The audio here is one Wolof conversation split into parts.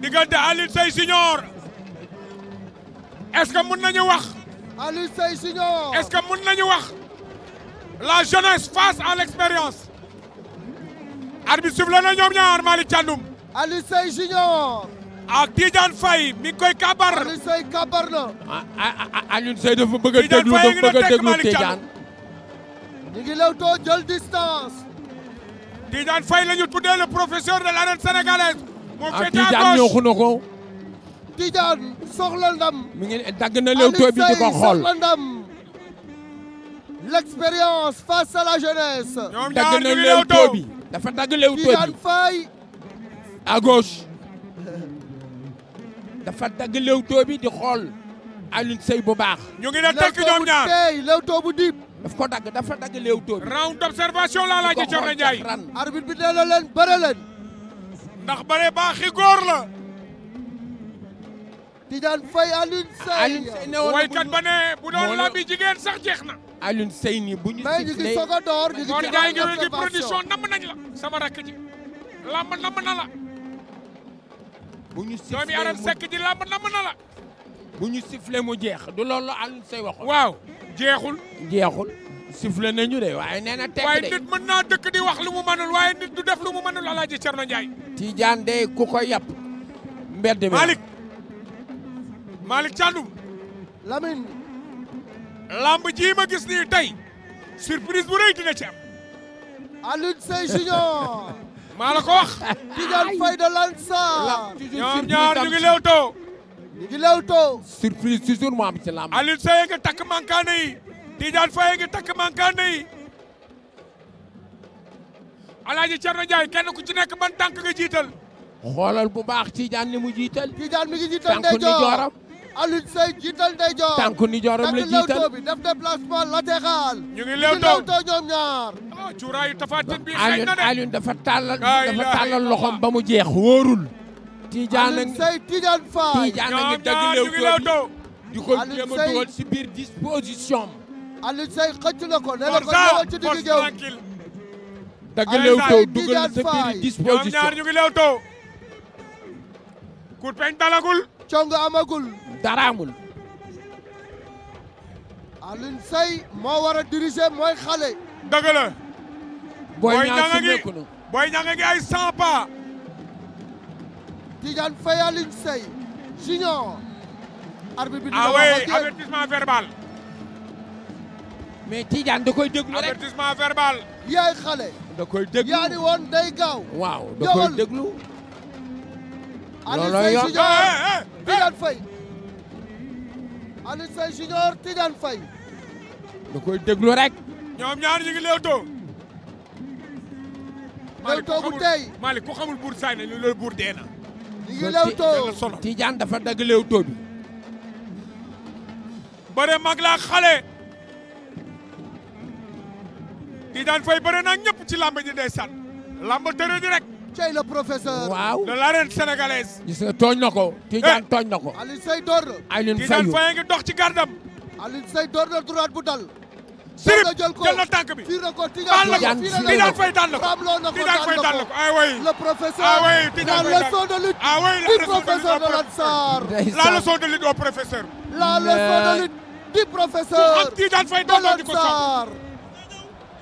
diggante Alioune Seye Junior est nañu wax. Alioune Seye Junior est nañu wax la jeunesse face à l'expérience. arbitre sifflé na ñoom ñaar Malick Thiandoum. Alioune Seye Junior. ak Tidiane Faye mi koy kabar. Alioune Seye kabar na. a ah, déglu ah, ah, dafa bëgg a déglu jël distance. Tidiane Faye la ñu tuddee le professeur de l'arène sénégalaise. ah Tidiane ñoo xuna ko. Tidiane soxla ndam. mi ngi dagg na léew too bi di ko xool soxla ndam. l'expérience face à la jeunesse. dagg na léew bi dafa dagg léew too bi too bi di xool Alioune Seye bu baax. ñu ngi na tekk ñoom ñaar léew too bu diib. daf ko dagg dafa dagg léew too bi. round d'observation laa laajee leen bëre leen. ndax bare baaxi góor la. Tidiane Faye Alioune Seye ne woon waykat ba ne bu doon labi jigéen sax jeex na. Alioune Seye nii bu ñu. mais ñu ngi a nañ sama rakk ji lamb namm na la. ñu siflee mu jeex du loolu Alioune Seye waxoon. waaw jeexul. jeexul sifle nañu de na. tekk de waaye nit mën naa dëkk wax lu mu mënul waaye nit du def lu mu mënul Alaaji Cerno Ndiaye. Tidiane dey ku ko yàpp mbedd mi Malick Malick Thiandoum Lamine lamb ji ma gis tey surprise bu rëy dina ci am Alioune Seye Junior maa wax Tidiane Faye de ñoom ñaar ñu ngi ñu ngi lewtoo surprise toujours mu ci lamb Alioune Seye nga takk mankaane yi Tidiane Faye nga takk mankaane yi Alaaji Cerno Njaay kenn ku ci nekk ban tànk nga jiital xoolal bu baax Tiijaan li mu jiital Tiijaan mi ngi jiital ndey jooram Alioune Seye jiital ndey joor tànku ni jooram la jiital ñoom ñaar ah, cuuraayu tafaatin bi xëy na de Alioune dafa tàllal loxom ba mu jeex wóorul Tiijaan Alioune Seye Tiijaan Faye Tiijaan a ngi dagg leewtoo di ko jéem a dugal si biir disposition am Alioune Seye na ko ne la ko ci digg géew dagg Leewtoo dugal sa biir ñoom ñaar ñu ngi Leewtoo. coup de poing dalagul. congo amagul. dara amul. moo war a mooy xale. dëgg booy ñaar sumeeku booy ñaar ngi ay 100 pas. Tidiane Faye Alioune Seye junior. arbitre bi dina ah wax verbal. mais Tidiane da koy déglu rek avertissement verbal. yaay xale. da koy déglu yaa ni woon gaaw. waaw da koy déglu. looloo yor eh, eh, eh. Tidiane Faye. Alioune Seye Junior Tidiane rek. ñoom ñaar ñu ngi léewtoo. léewtoo bu tey Malick xamul buur saay na dafa dagg léewtoo bi. bare mag la xale. Tidiane Faye bëre na ñëpp ci làmb ji ndeysaan làmb tëre di rek. cey le professeur. waaw de l'arène sénégalaise. gis tooñ na ko. Eh. tooñ na ko. Alioune Seye door na. Alioune Faye Tidiane ngi dox ci gardam. Alioune Seye door na droite bu dal. sirip jël na bi. fiir ko Tidiane Faye daan na ko Tidiane Faye daan na ko ah oui. le professeur la la leçon de professeur. la euh. professeur. di ko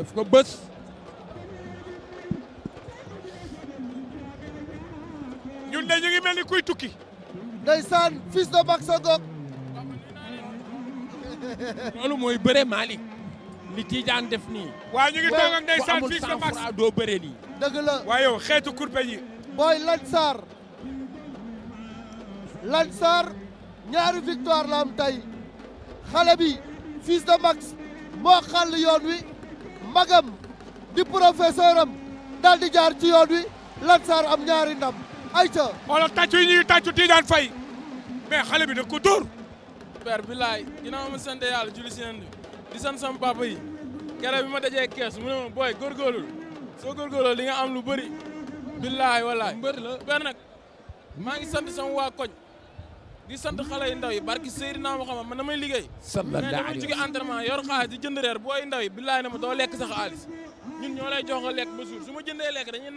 def ko bës ñun de ñu ngi ni kuy tukki ndeysaan fils de Baxa Gog loolu mooy bëre Malick li Tidiane def nii waaw ñu ngi toog ak ndeysaan de Bax doo bëre nii dëgg la xeetu kurpe yi booy Lansar Lansar ñaari victoire la am tey xale de Bax moo xàll yoon wi magam di professeur am daal di jaar ci yoon wi Lansar am ñaari ndam ayca. xoolal tàccu yi ñuy tàccu Tidiane Faye xale bi da ko dóor. père bilaay ginnaaw ma sant yàlla julli si di sant sama papa yi keroog bi ma dajee kees mu ne ma booy góorgóorlu soo góorgóorloo di nga am lu bëri bilaay walaay mbër la père nag maa ngi sant sama waa koñ. di sant xale yu ndaw yi barki Seydina Muhammad man damay liggéey mais dama jóge entraînement yor xaalis di jënd reer booy ndaw yi billaay na ma doo lekk sa xaalis ñun ñoo lay jox nga lekk ba su ma jëndee lekk dañuy